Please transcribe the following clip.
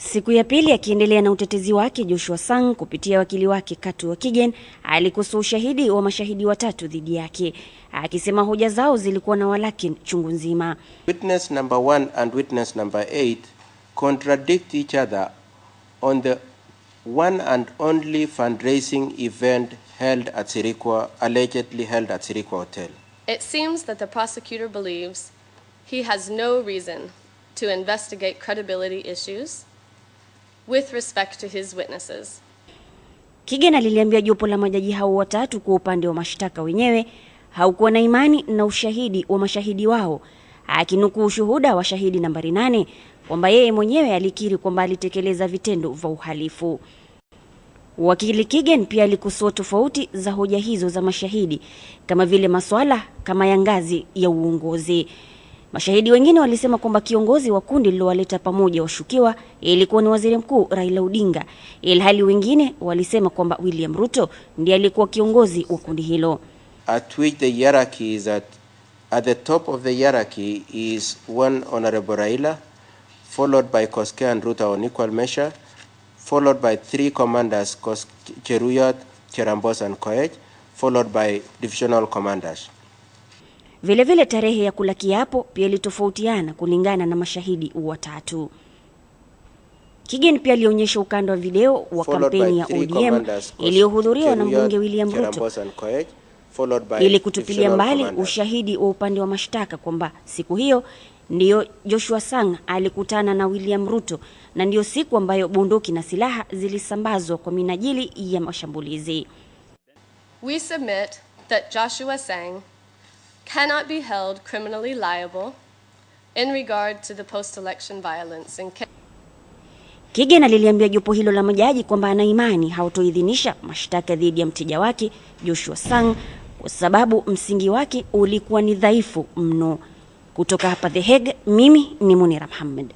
Siku ya pili akiendelea na utetezi wake, Joshua Sang kupitia wakili wake Katu Wakigen alikosoa ushahidi wa mashahidi watatu dhidi yake, akisema hoja zao zilikuwa na walakin chungu nzima. Witness number one and witness number eight contradict each other on the one and only fundraising event held at Sirikwa, allegedly held at Sirikwa Hotel. It seems that the prosecutor believes he has no reason to investigate credibility issues with respect to his witnesses. Kigen aliliambia jopo la majaji hao watatu kwa upande wa mashtaka wenyewe haukuwa na imani na ushahidi wa mashahidi wao, akinukuu ushuhuda wa shahidi nambari nane kwamba yeye mwenyewe alikiri kwamba alitekeleza vitendo vya uhalifu. Wakili Kigen pia alikosoa tofauti za hoja hizo za mashahidi kama vile masuala kama ya ngazi ya uongozi. Mashahidi wengine walisema kwamba kiongozi wa kundi lilowaleta pamoja washukiwa ilikuwa ni Waziri Mkuu Raila Odinga, ilhali wengine walisema kwamba William Ruto ndiye alikuwa kiongozi wa kundi hilo. At which the hierarchy is at, at the top of the hierarchy is one honorable Raila followed by Koske and Ruto on equal measure followed by three commanders Koske, Cheruyot, Cherambos and Koech followed by divisional commanders. Vilevile tarehe ya kula kiapo pia ilitofautiana kulingana na mashahidi watatu. Kigen pia alionyesha ukanda wa video wa kampeni ya ODM iliyohudhuriwa na mbunge William Ruto ili kutupilia mbali ushahidi wa upande wa mashtaka kwamba siku hiyo ndiyo Joshua Sang alikutana na William Ruto na ndiyo siku ambayo bunduki na silaha zilisambazwa kwa minajili ya mashambulizi. We submit that Joshua Sang cannot be held criminally liable in regard to the post-election violence and Kigen aliliambia jopo hilo la majaji kwamba ana imani hautoidhinisha mashtaka dhidi ya mteja wake Joshua Sang kwa sababu msingi wake ulikuwa ni dhaifu mno. Kutoka hapa The Hague, mimi ni Munira Muhammad.